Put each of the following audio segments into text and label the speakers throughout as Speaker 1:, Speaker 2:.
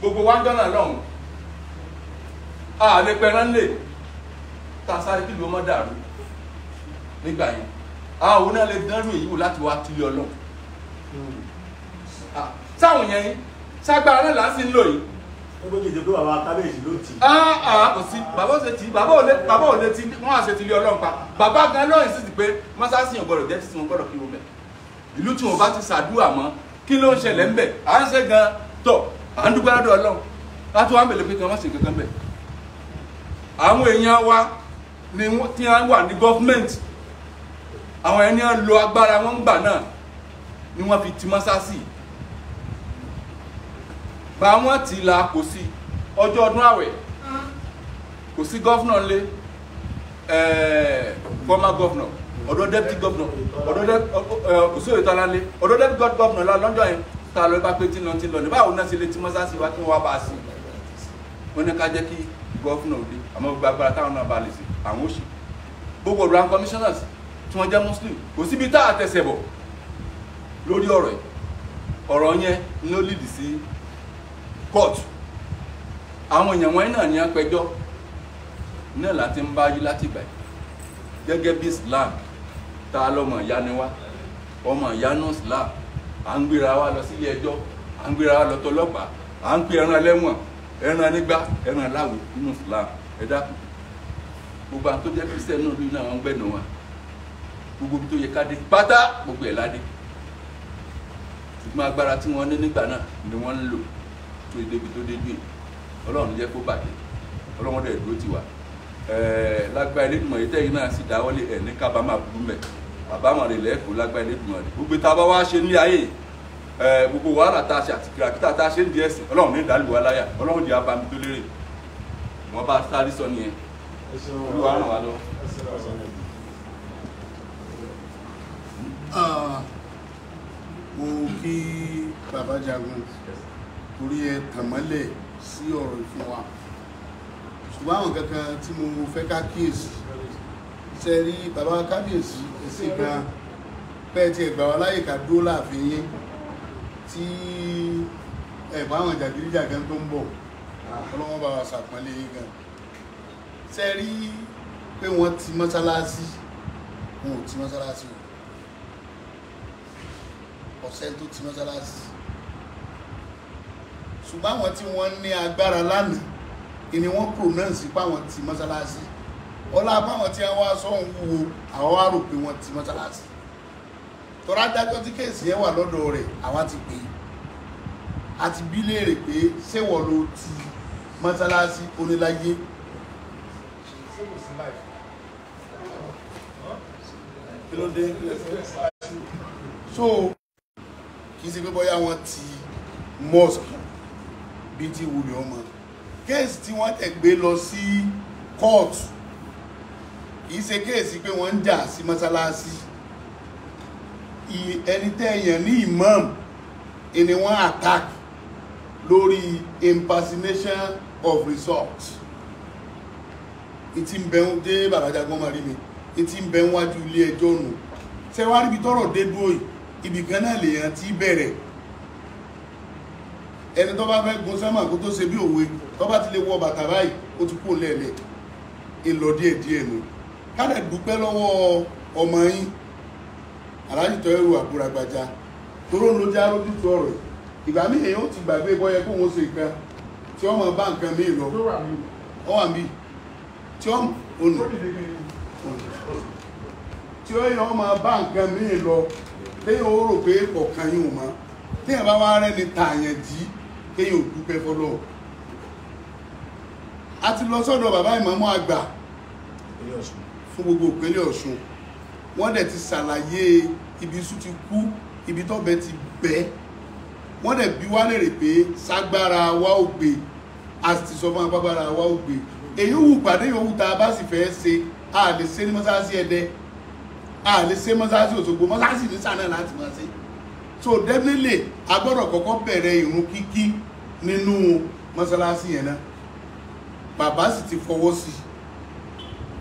Speaker 1: gbogbo wa ń jọ́nà lọ́hùn àlè pẹran lè tá a sáré kílùú ọmọ dàrú nígbà yẹn àwọn náà lè dánrù èyí wò láti wá tilé ọlọ́run sáwọn yẹn ságbára náà láti ń lò yìí. ọdún kejì pé bàbá kábíyèsí ló tì. kò sí bàbá ò ṣe tì bàbá ò lè bàbá ò lè ti wọn àṣẹ tilé ọlọ́run pa bàbá gan lọ́yìn sí ti pé mọ́sáàsì yẹn gbọ́dọ̀ jẹ́ sísun gbọ́dọ̀ kí wọ́n bẹ̀ ìlú tí wọn bá ti ṣàdúrà mọ́ kí ló ń ṣẹlẹ̀ ń bẹ̀ à ń ṣe gan tọ̀ à ń dúpẹ́ lọ́dọ̀ ọlọ́run láti wá ń bèlè pé kí wọ́n má ṣe kankan bẹ̀. àwọn èèyàn wa ni tí ti wà ní gọ́fúmẹ̀ntì àwọn ẹni à ń lo agbára wọn gbà náà ni wọ́n fi ti mọ́sáàsì. bá wọn ti la kò sí ọjọ́ ọdún àwẹ̀ kò sí gọ́fúnà lé former governor ọ̀dọ̀ deputy governor ọ̀dọ̀ òsèlú ìtọ́lá lé deputy governor lọ́jọ́ yẹn tá lọ bá pé tí ń lọ tí ń lọ ní báwo náà ṣe lè ti mọ́sáàsì wá kí wọ́n wá bá a sí wọn ní ká jẹ́ kí gọ́fúnà òde àmọ́ gbogbo agbára táwọn náà bá lè ṣe àwọn òṣì gbogbo ọ̀rọ̀ commissioners tí wọ́n jẹ́ muslim kò síbi tá a tẹ̀sẹ̀ bọ̀ lórí ọ̀rọ̀ yìí ọ̀rọ̀ yẹn ló lead sí court àwọn èèyàn wọn náà ní apẹjọ́ náà láti ń bá yí láti gbà gẹ́gẹ́ bí islam tá lọ́mọ ìyá ni wá ọmọ ìyá náà islam à ń gbéra wa lọ sílé ẹjọ́ à ń gbéra wa lọ tọlọ́pàá à ń pe ẹran ẹlẹ́wọ̀n ẹran anígbá ẹran aláwo nínú Islam ẹ dákun gbogbo àwọn tó jẹ́ kristian náà lóyún àwọn gbẹ̀nà wa gbogbo ibi tó yẹ ká dé pátá gbogbo ẹ̀ ládé ṣùgbọ́n agbára tí wọ́n ní nígbà náà ni wọ́n ń lò tó débi tó débi ọlọ́run jẹ́ kó bàjẹ́ ọlọ́run dẹ̀ dúró tiwa ẹ̀ẹ́ lágbára ẹlẹ́dùnmọ̀ yìí tẹ́yìn náà sì dáwọ́lé ẹ̀ ní kábàámà burú bàbá àmọ̀ rẹ̀ lẹ́kọ̀ọ́ lágbá ilé ìgbìmọ̀ rẹ̀ gbogbo tá a bá wá ṣe ní ayé gbogbo wàhálà tá a ṣe àti kìràkítà tá a ṣe ń di ẹ̀sìn ọlọ́run ní ìdálùú aláyà ọlọ́run di abami tó lérè wọ́n bá sáré sọ nìyẹn
Speaker 2: olúwa ràn wá lọ. mo kí bàbá jagun torí ẹ tàmọ́lẹ̀ sí ọ̀rọ̀ ìfún wa ṣùgbọ́n àwọn kankan tí mo fẹ́ ká kíyèsí ṣe rí bàbá kábíyèsí èsì gan pẹ́ẹ́tì ẹ̀gbà wa láyè ká dúró láàfin yín tí ẹ̀bá àwọn jàgídíjàgan tó ń bọ̀ ọlọ́wọ́n bá wa ṣàpọ́nlé yín gan ṣe rí pé wọ́n ti mọ́sálásí wọn ò ti mọ́sálásí o ọ̀sẹ̀ tó ti mọ́sálásí ṣùgbọ́n àwọn tí wọ́n ní agbára lánàá ìní wọ́n pronounce pé àwọn ti mọ́sálásí ọlá báwọn tí wọ́n aṣọ ń wúwo àwọn wá rò pé wọ́n ti mọ́ṣáláṣí tọ́ra dájọ́ tí kéèsì yẹn wà lọ́dọ̀ rẹ̀ àwa ti pè é a ti bí léèrè pé ṣéwọ̀ ló ti mọ́ṣáláṣí oníláyé. kí so kì í ṣe pé bóyá wọ́n ti mosque bíi ti wùlẹ̀ ọmọ kéèsì tí wọ́n tẹ̀ gbé lọ sí kóòtù kì í ṣe kéèsì pé wọ́n ń jà sí mọ́sálásí ẹni tẹ́yàn ní imam ni wọ́n attack lórí impersonation of result ìtì ń bẹ̀ ń dé bàbájagun máa rí mi ìtì ń bẹ̀ ń wájú ilé ẹjọ́ nù ṣé wàá ríbi tọ́rọ̀ dé dúró yìí ibì kan náà lèèyàn ti bẹ̀rẹ̀ ẹni tó bá fẹ́ gun sẹ́mà kó tó ṣe bí òwe tó bá ti lè wọ bàtà báyìí ó ti kú lẹ́ẹ̀lẹ́ ìlọ díẹ̀díẹ̀ nù. No kálẹ̀ dúpẹ́ lọ́wọ́ ọmọ yín aláàjì Tóyẹ̀rù Àbúràgbàjà tóró ló já lójú tó ọ̀rọ̀ ìgbà míì èèyàn ó ti gbàgbé bọ́yẹ kó wọn ṣe ìgbà tí ọmọ bá nǹkan míì lọ ọ wà mí tí ọmọ ònà tí ó yàn ọmọ bá nǹkan míì lọ téèyàn ó rò pé ọ̀kan yìí ò mọ́ téèyàn bá wá rẹ́ni tààyàn jí kéèyàn ò dúpẹ́ fọlọ́ a ti lọ sọ́dọ̀ bàbá ìmọ̀mọ́ àgbà fún gbogbo ìpínlẹ̀ Ọ̀ṣun wọ́n dẹ̀ ti ṣàlàyé ibi iṣu ti kú ibi tọ́bẹ̀ ti bẹ́ wọ́n dẹ̀ bi wá lèrè pé ságbára wa ò gbé a ti agbára wa ò gbé èyí wù pàdé yòówù tá a bá sì fẹ́ ṣe a lè ṣe ní mọ́sáàsì Ẹdẹ a lè ṣe mọ́sáàsì Òṣogbo mọ́sáàsì ní sànà láti máa ṣe so definitely a gbọ́dọ̀ kọ́kọ́ bẹ̀rẹ̀ ìrun kíkí nínú mọ́sálásí yẹn náà bàbá sì ti fọwọ́ sí i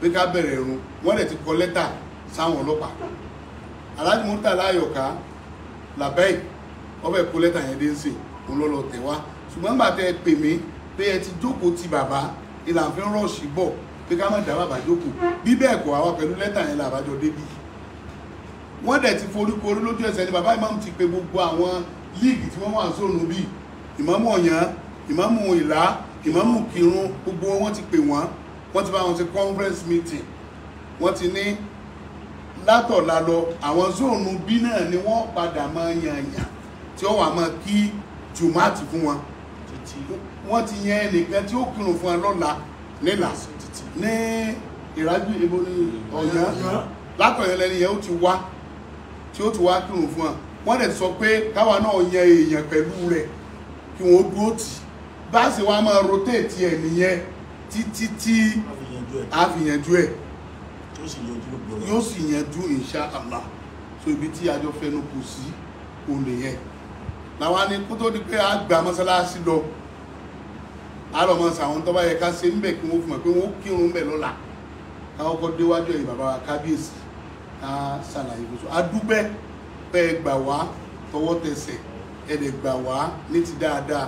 Speaker 2: pé ká bẹ̀rẹ̀ irun wọ́n dẹ̀ ti kọ lẹ́tà sáwọn ọlọ́pàá aláàjì Murtala Àyọ̀ká làbẹ́ì ọbẹ̀ kọ lẹ́tà yẹn dé ń sè òun lọ́lọ́ tẹ̀ wá ṣùgbọ́n nígbà tẹ́ ẹ pè mí pé ẹ ti jókòó ti bàbá ìlànà fi ń rọ̀ọ̀ṣì bọ̀ pé ká má dá bàbá jókòó bí bẹ́ẹ̀ kọ́ àwa pẹ̀lú lẹ́tà yẹn làbájọ débì wọ́n dẹ̀ ti forúkọ orí lójú ẹsẹ̀ ni bàbá ìmáàmù ti pe gbogbo àwọn líìgì tí wọ́n wà sóòrùn bíi ìmáàmù ọ̀yàn ìmáàmù ìlà ìmáàmù kírun gbogbo wọn ti pè wọ́n wọ́n ti bá wọn ṣe conference meeting wọ́n ti ní látọ̀la lọ àwọn zóònù bí náà ni wọ́n padà máa yànyàn tí ó wà máa kí jùmọ́àtì fún wọn wọ́n ti yan ẹnìkan tí ó kírun fún wọn lọ́la nílà ní ìrájú ìbò ní ọ̀yàn látọ̀yàn lẹ́ni yẹn ó ti wá tí ó ti wá kírun fún wọn wọ́n dẹ̀ sọ pé káwa náà yan èèyàn pẹ̀lú rẹ̀ kí wọ́n dúró tì bá a sì wá máa rotate ẹ̀ nìyẹn títí tí a fi yanjú ẹ̀ yóò sì yanjú insha Allah so ibi tí ajọ fẹnu kù sí òun nìyẹn làwọn ni kó tó di pé a gba mọ́sálásí lọ àrọ̀mọ́ sàwọn tó bá yẹ ká ṣe ń bẹ̀ kí wọ́n fún ẹ pé wọ́n kírun ń bẹ̀ lọ́la káwọn kọ́ déwájú ẹ̀yìn bàbá wa kábíyèsí ká ṣàlàyé gbèsò adúgbẹ́ pẹ́ ẹ gbà wá tọwọ́ tẹsẹ̀ ẹ lè gbà wá ní ti dáadáa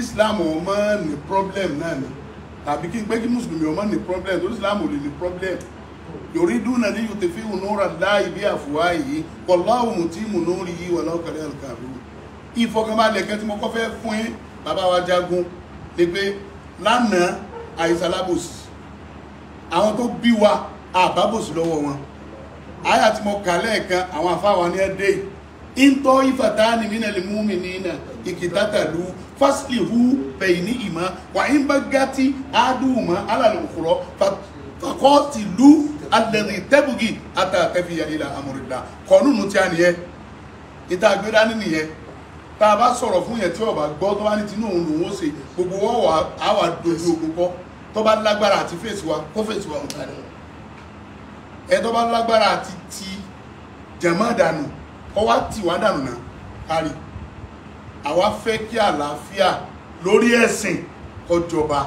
Speaker 2: Islam ọmọ ní problem náà ni tàbí kí n pé kí mùsùlùmí ọmọ ní problem tó islam ò lè ní problem yorí dúnà ní yóò tẹ̀fí ònúra láì bí àfùwá yìí wallahu mutimmu nurihi walau karihal kafirun ìfọkànbalẹ̀ kan tí mo kọ́ fẹ́ fún yín bàbá wa jagun ni pé lánàá àìsàn alábòsí àwọn tó bí wa àbábòsí lọ́wọ́ wọn àyà tí mo kà lẹ́ẹ̀kan àwọn afáwa ní ẹ́ dé ìntọ́ ìfàtà ni mí fasilihu bẹ̀yìní ìmọ̀ wàhín bá gàtí àádùnmọ̀ alàlẹ́ òkúrọ̀ fakọ́ọ̀tì lu alẹ́rìn tẹ́bùgì àtàtẹ́fìyà ilà amúrìdà kọ́nùnù tí a nìyẹn ìta àgbéra ní nìyẹn tá a bá sọ̀rọ̀ fún yẹn tí ọba gbọ́ tó bá ní tinú òun lòun ó ṣe gbogbo ọwọ́ àwa dojú ogun kọ́ tó bá lágbára àti fèsì wa kó fèsì wa nǹkan ni ẹ tó bá lágbára àti ti jẹ̀mọ́ dànù ọwọ́ tiwa dànù náà kárí àwa fẹ́ kí àlàáfíà lórí ẹ̀sìn kọjọba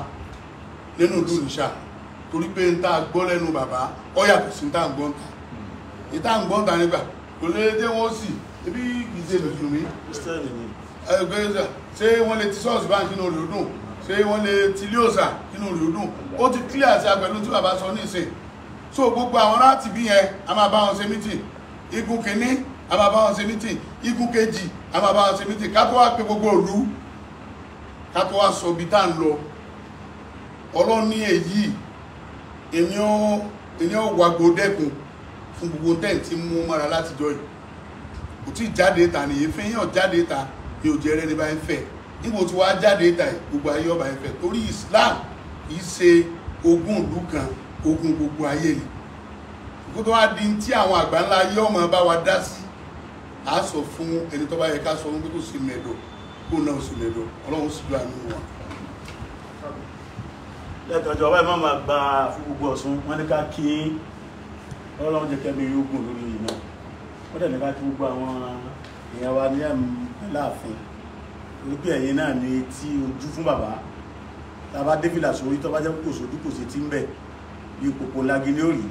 Speaker 2: nínú ìlú ìṣà torí pé n a gbọ́ lẹ́nu bàbá ọ yàtọ̀ sí n tá a gbọ́ ta n tá a gbọ́ ta nígbà kò lè dé wọ́n sì ebi kì í ṣe mùsùlùmí ẹgbẹ́sà ṣé wọ́n lè ti ṣọ́ọ̀ṣì báyìí sínú rẹ̀ dùn ṣé wọ́n lè ti ilé òòṣà sínú rẹ̀ dùn ó ti clear sí agbẹ̀lú tí bàbá sọ ní ìsìn so gbogbo àwọn láti bí yẹn a máa bá wọn ṣe mítìn igun kìíní a máa bá wọn ṣe mítìn igun kejì a máa bá ṣe mítì ká tó wá pé gbogbo òlú ká tó wá sọ ibi tá ń lọ ọlọ́run ní èyí èyàn wà gbòdẹ́kùn fún gbogbo tẹ́ẹ̀ tí mú mọ́ra látijọ́ yìí kò tí jáde ta nìyí fẹ́ yàn jáde ta yóò jẹ́ rẹ́ni bá ń fẹ́ nígbò tí wàá jáde ta yìí gbogbo ayé ọba ń fẹ́ torí Islam kì í ṣe ogún ìlú kan ogún gbogbo ayé yìí kó tó wá di tí àwọn àgbà ńlá yé ọmọ bá wa dá sí a sọ fún ẹni tó bá yẹ ká sọ fún pé kò sí mẹ́lò kó náà sí mẹ́lò ọlọ́run sì gbà nínú wọn. lẹ́tọ̀ ìjọba ẹ̀ máa gba
Speaker 3: fún gbogbo ọ̀sùn wọn ní ká kí ọlọ́run jẹ́ kẹ́mi yóò gùn lórí yìí náà wọ́n dẹ̀ ní ká kí gbogbo àwọn èèyàn wa ní ẹ̀mú láàfin wípé ẹ̀yin náà ní tí ojú fún bàbá tàbá débìlà sórí tó bá jẹ́ kò sójú kò sí tí ń bẹ̀ ní òrì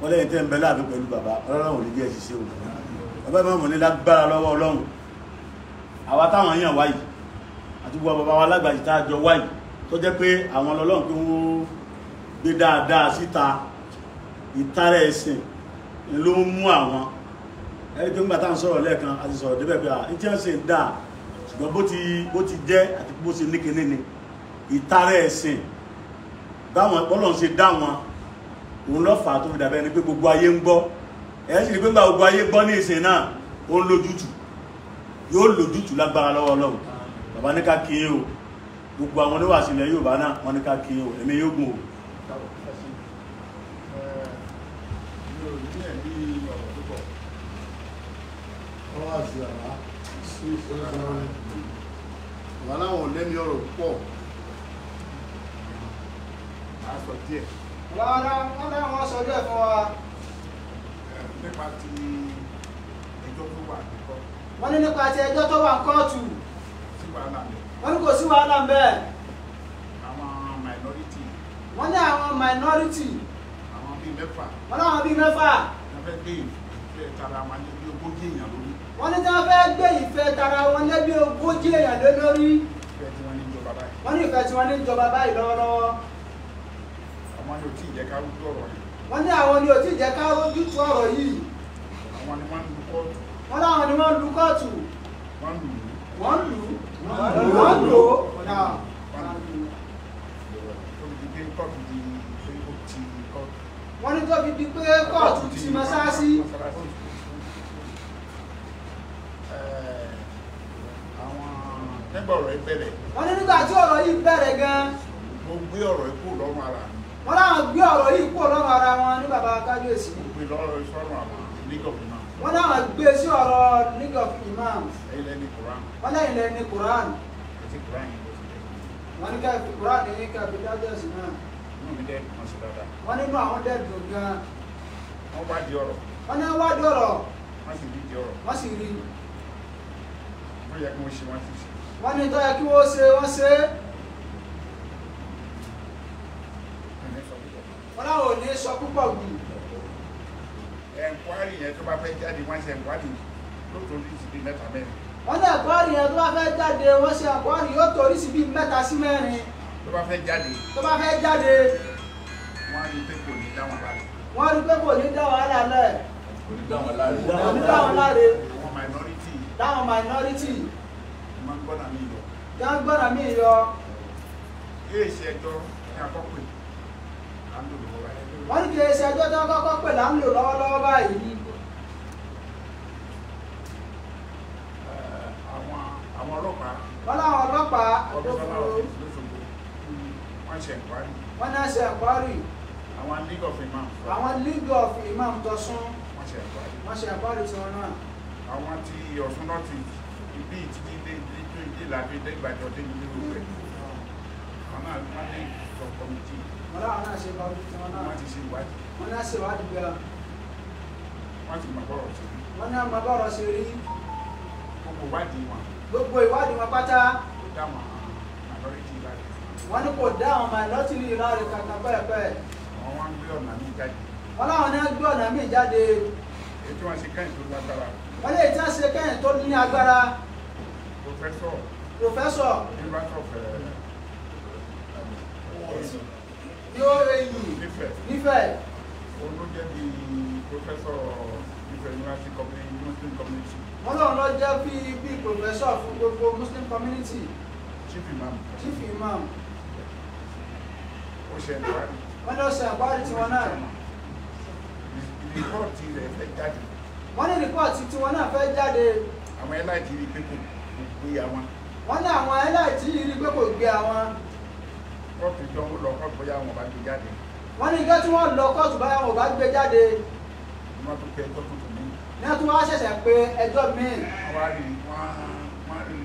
Speaker 3: wọ́n lẹ́yìn tẹ́ ń bẹ láàfin pẹ̀lú bàbá ọlọ́run ò ní bí ẹ̀ ṣiṣẹ́ òun bàbá ìmọ̀ ìmọ̀ ní lágbára lọ́wọ́ ọlọ́run àwa táwọn yàn wáyìí àti gbogbo bàbá wa lágbàjì tá a jọ wáyìí tó jẹ́ pé àwọn ọlọ́run tó ń gbé dáadáa síta ìtara ẹ̀sìn ló ń mú àwọn ẹni tó ń gbà tá à ń sọ̀rọ̀ lẹ́ẹ̀kan àti sọ̀rọ̀ débẹ̀ pé à ń tiẹ́ ṣe dáa ṣùgbọ́n bó ti bó ti jẹ́ àti bó ṣe lékelé ni ìtara ẹ̀sìn báwọn ọlọ́run ṣe dá wọn òun lọ́fà tó fi dàbẹ́ ni pé gbogbo ayé ń gbọ́ ẹ̀ sì rí pé gbogbo ayé gbọ́ ní ìsìn náà ó ń lójútù yóò lójútù lágbára lọ́wọ́ Ọlọ́run bàbá ní ká kí é o gbogbo àwọn oníwà sílẹ̀ Yorùbá náà wọ́n ní ká kí é o ẹ̀mí yóò gùn o.
Speaker 2: wà láwọn lẹ́mí ọ̀rọ̀ púpọ̀ a sọ díẹ̀.
Speaker 4: rárá wọ́n dáhùn wọ́n sọ díẹ̀ fún wa nípa ti ẹjọ́ tó wà nípa. wọ́n ní nípa ti ẹjọ́ tó wà kóòtù. sí wàhálà bẹ́ẹ̀. wọ́n ní kò sí wàhálà bẹ́ẹ̀. àwọn minority. wọ́n ní àwọn minority.
Speaker 2: àwọn bíi mẹ́fà. wọ́n ní àwọn bíi mẹ́fà. wọ́n fẹ́ gbé ìfẹ́ tara wọn lé bí ogójì èèyàn lórí.
Speaker 4: wọ́n ní tí wọ́n fẹ́ gbé ìfẹ́ tara wọn lé bí ogójì èèyàn lórí. ìfẹ́ tí wọ́n ní ìjọba báyìí. wọ́n ní ìfẹ́ tí wọ́n ní ìjọba báyìí lọ́wọ́lọ́wọ́ wọ́n ní àwọn ni ò tí jẹ́ ká rójú tú ọ̀rọ̀ yìí wọ́n ní wọ́n ń lu wọ́n lù
Speaker 2: wọ́n lù
Speaker 4: wọ́n ní tó di pé kóòtù ti mọ́sáàsì wọ́n ní nígbà tí ọ̀rọ̀ yìí bẹ̀rẹ̀ gan-an
Speaker 2: mo gbé ọ̀rọ̀ yìí lọ́rùn ara mi
Speaker 4: kábíyèsí. wọ́n láwọn gbé sí ọ̀rọ̀ league of imams. wọ́n lẹ́yìn lẹ́ni Quran. wọ́n ní káfí Quran ní káfí dájọ́sì náà. wọ́n nínú àwọn dẹ́dùn gan-an. wọ́n wá di ọ̀rọ̀. wọ́n ní wá di ọ̀rọ̀. wọ́n sì rí di ọ̀rọ̀. wọ́n sì rí. wọ́n yẹ kí wọ́n ṣe wọ́n ti ṣe.
Speaker 2: wọ́n ní tó yẹ kí
Speaker 4: wọ́n ṣe wọ́n ṣe é. ọlọ́run ò ní sọ púpọ̀ gbìyànjú kwari yẹn tó bá fẹ́ jáde wọ́n ṣe kwari yóò tó oríṣi bíi mẹ́ta mẹ́rin. wọ́n ṣe kwari yẹn tó bá fẹ́ jáde wọ́n ṣe kwari yóò tó oríṣi bíi mẹ́ta sí mẹ́rin.
Speaker 2: tó bá fẹ́ jáde.
Speaker 4: tó bá fẹ́ jáde.
Speaker 2: wọ́n á rí pé kò ní dá wọn láre.
Speaker 4: wọ́n á rí pé kò ní dá wọn láre.
Speaker 2: kò ní dá dá wọn láre.
Speaker 4: àwọn minority. dáwọn minority. wọ́n gbọ́dọ̀ mi yọ. wọ́n gbọ́dọ̀ mi yọ. ilé ìṣẹ́jọ́ ni
Speaker 2: wọ́n ní kí ẹ ṣe ẹjọ́ tí wọ́n kọ́kọ́ pè
Speaker 4: láńlò lọ́wọ́lọ́wọ́ báyìí. àwọn ọlọ́pàá.
Speaker 2: wọ́n láwọn ọlọ́pàá àdókòrò.
Speaker 4: wọ́n ṣe ẹ̀kọ́rì. wọ́n náà ṣe ẹ̀kọ́rì. àwọn league of imam. àwọn league imam tọ́sún. wọ́n ṣe ẹ̀kọ́rì. wọ́n ṣe ẹ̀kọ́rì tí wọ́n náà. àwọn ti ọ̀sùn náà ti ibi ìtìdí ilé ìdíjú ìdí ìlàbí ìdẹ́gbàjọ́ dé ìlú rẹ̀. àwọn náà from committee. wọn láwọn náà ṣe ìwádìí tí wọn náà. wọn ti ṣe ìwádìí. wọn náà ṣe ìwádìí gan. wọn ti mọ bọ́rọ̀ ṣe rí. wọn náà mọ bọ́rọ̀ ṣe rí. gbogbo ìwádìí wọn. gbogbo ìwádìí wọn pátá. kò dá wọn minority ìlàrí. wọn ní kò dá wọn minority ìlàrí kankan pẹ́ẹ́pẹ́. àwọn wọn gbé náà gbé ọ̀nà mi jáde. èyí lè tí wọ́n ṣe kẹ́yìn tó ní agbára. professor. professor ní ó eyín nífẹ̀ẹ́. òun ló jẹ́ bí pòfẹ́sọ̀ nífẹ̀ẹ́ university community muslim community. wọ́n náà lọ jẹ́ bí bí pòfẹ́sọ̀ fún gbogbo muslim community. chief imam. chief imam. ó ṣe ìwádìí. wọ́n ní ó ṣe ìwádìí tiwọn náà. rìpọ́ọ̀tì rẹ̀ fẹ́ jáde. wọ́n ní rìpọ́ọ̀tì tiwọn náà fẹ́ jáde. àwọn ẹlẹ́jì rí pé kò gbé àwọn. wọ́n ní àwọn ẹlẹ́jì rí pé kò gbé àwọn kóòtù jọ ń lọ kóòtù bóyá wọn ò bá gbé jáde. wọ́n ní gẹ́tí wọ́n lọ kóòtù bóyá wọn ò bá gbé jáde. wọ́n tún pé kóòtù tó ní. ní wọ́n tún wá ṣẹ̀ṣẹ̀ pé ẹjọ́ míì. wọ́n rí wọ́n rí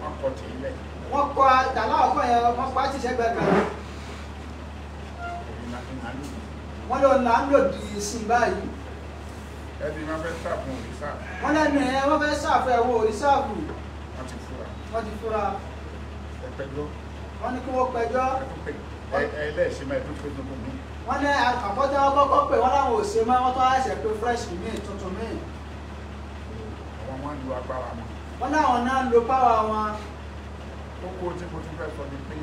Speaker 2: wọ́n kọ tì í lẹ̀.
Speaker 4: wọ́n kọ àdàlà ọ̀kọ́ yẹn wọ́n pa á ti ṣẹ́gbẹ́ kan. wọ́n lọ là ń lòdì sí báyìí. ẹbí wọn fẹ́ sàfún òrìṣà. wọ́n lẹ́nu ẹ̀ wọ́n fẹ́ sàfún ẹ̀wọ̀ òrìṣà kù. wọ́n ti fura. wọ́n ti fura. ẹ wọ́n ní kí wọ́n pẹjọ́. ẹlẹ́sìn máa tún pé tuntun mi. wọ́n ní àkọ́kọ́ tí wọ́n kọ́kọ́ pè wọ́n láwọn ò ṣe máa wọ́n tó àṣẹ pé fresh míì tuntun míì.
Speaker 2: àwọn máa ń lo agbára wọn.
Speaker 4: wọ́n láwọn náà ń lo páwà wọn. kókó tí mo tún fẹ́ sọ ni pé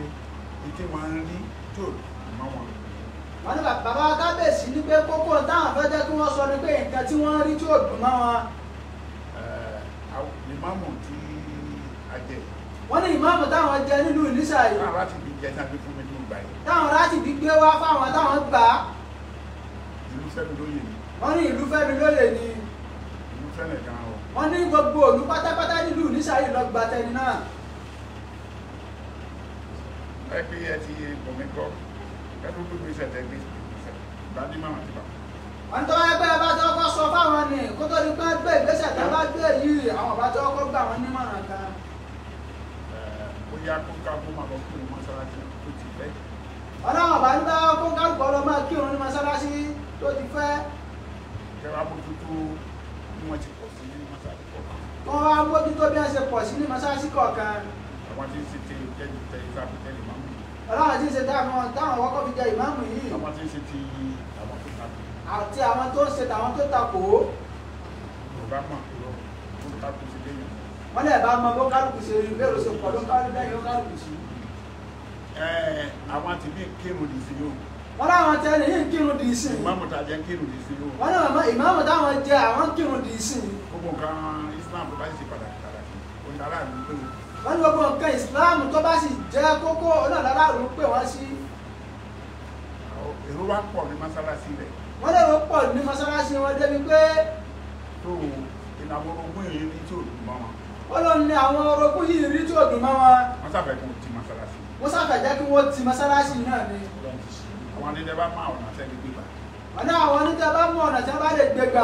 Speaker 4: ìdí máa ń rí jò mọ́ wọn. wọ́n ní bàbá kábíyèsí ní pé kókó táwọn fẹ́ jẹ́ kí wọ́n sọ ni pé nǹkan tí wọ́n rí jò dùn
Speaker 2: mọ́ wọn. ìmáàmù wọ́n ní ìmáàmù táwọn jẹ nílùú ìníṣà yìí. táwọn láti bí jẹ táwọn fún mi ní ìgbà yìí. táwọn
Speaker 4: láti bí gbé wá fáwọn táwọn gbà á.
Speaker 2: ìlú fẹ́mi lóye ni.
Speaker 4: wọ́n ní ìlú fẹ́mi lóye ni. o. wọ́n ní gbogbo òlú pátápátá nílùú ìníṣà yìí lọ gba tẹni náà.
Speaker 2: ẹ pé ẹ ti bọ̀mí kọ́ ẹ tó gbogbo iṣẹ́ tẹ gbé ìgbàdí màmá ti bà.
Speaker 4: wọ́n tọ́ ẹgbẹ́ bá tọ́kọ́ sọ fáwọn ni kótó ni pé gbé ìgbésẹ̀ tá bá gbé yìí àwọn bá tọ́kọ́ gbà wọ́n ní màrán kan yá kó ká kó máa lọ kí òun mọ́ṣáláṣí tó ti fẹ́. ọlọ́run bá ń dá kó ká gbọ́ lọ máa kí òun ní mọ́ṣáláṣí tó ti fẹ́. ìjọba bójútó bí wọ́n ti pọ̀ sí ní mọ́ṣáláṣí kọ̀ọ̀kan. wọ́n wá bójútó bí wọ́n ṣe pọ̀ sí ní mọ́ṣáláṣí kọ̀ọ̀kan. àwọn tí ń ṣe tẹ ìjẹ́jú tẹ ìfàkùtẹ́lì máa ń mú. ọlọ́run tí ń ṣe táwọn kọ́kọ́ fi jẹ ìmáàmù yìí. àwọn tí ń ṣe ti àwọn tó takò. àti àwọn tó ń ṣe tàwọn tó takò. yorùbá mọ̀ tó takò sí lẹ́yìn wọ́n lè bá mọ lókàlùkù ṣe rí bẹ́ẹ̀ ló ṣe pọ̀ lókàlùkù sí. àwọn ti bí kírun dì sí yóò. wọ́n láwọn tẹ́
Speaker 3: ní kírun dì sí. ìmáàmù tá a kírun dì sí yóò. wọ́n náà ìmáàmù táwọn jẹ́ àwọn kírun
Speaker 2: dì sí. gbogbo nǹkan Islam tó bá ṣe pàtàkì pàtàkì onídàárà ló pé wọn.
Speaker 4: wọ́n ní gbogbo nǹkan Islam tó bá sì jẹ́ kókó onídàárà ló pé wọ́n sí.
Speaker 2: èrò wa pọ̀ ní mọ́sálásí rẹ̀.
Speaker 4: wọ́n lè wọ́n pọ̀ ní mọ́sálásí wọn débi pé. tó ìlànà ogún ìrírí tí ò ọlọ́run ni àwọn orogún yìí rí tí ò dùn mọ́ wọ́n ti jẹ́ kí wọ́n ti masalasi náà ni. àwọn
Speaker 2: onídẹ́ bá mọ àwọn ọ̀nà tẹ́lẹ̀ gbégbà.
Speaker 4: ọ̀nà àwọn onídẹ́ bá mọ ọ̀nà tẹ́lẹ̀ bá lè gbégbà.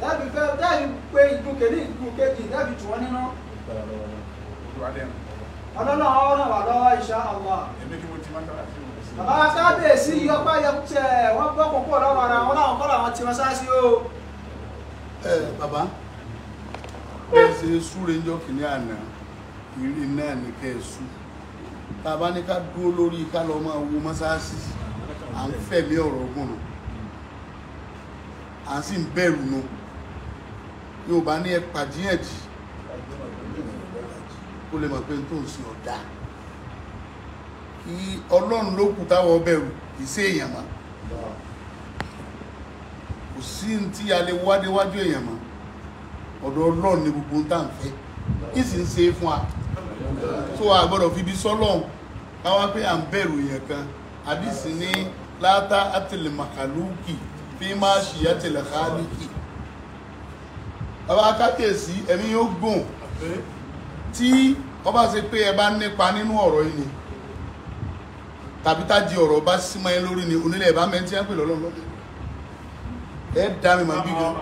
Speaker 4: dábì fẹ́ dábì pé ìlú kejì ìlú kejì dábì tù wọ́n nínú. wà lọ́wọ́ èmi kí wọ́n ti mọ́sálásí
Speaker 2: bàbá kábíyèsí yọpá
Speaker 4: yọpútẹ wọn gbọ́ púpọ̀ lọ́wọ́ ara wọn láwọn
Speaker 2: kọ́ o. ẹ bàbá ẹ ṣe súre ńjọ kìíní àná ìrì náà ní kẹ́ ẹ sú tá a bá ní ká dúró lórí ká lọ máa wo mọ́sáàsì à ń fẹ̀mí ọ̀rọ̀ ọgbọ̀n nù à ń sì ń bẹ̀rù nù Yorùbá ní ẹ pàdíyànjì kó lè mọ̀ pé tó ń sin ọ̀dà kí Ọlọ́run ló kù táwọn bẹ̀rù kì í sí kò sí ní tí a lè wádé wájú èèyàn mọ́ ọ̀dọ̀ ọlọ́run ni gbogbo tá à ń fẹ́ kí sì ń ṣe é fún wa tó a gbọ́dọ̀ fi ibi sọ́lọ́run káwá pé à ń bẹ̀rù èèyàn kan àbí sì ní látà àtìlẹ̀ màkàlùkì fi máa ṣì àtìlẹ̀ kálíkì bàbá akákèsí ẹ̀mí yóò gùn tí wọ́n bá ṣe pé ẹ bá nípa nínú ọ̀rọ̀ yìí ni tàbí tá di ọ̀rọ̀ bá símọ́ ẹ lórí ni onílẹ̀ ẹ bá mẹ́tí ẹ pè lọ́lọ́run lọ́dẹ ẹ dá mi màá bí gan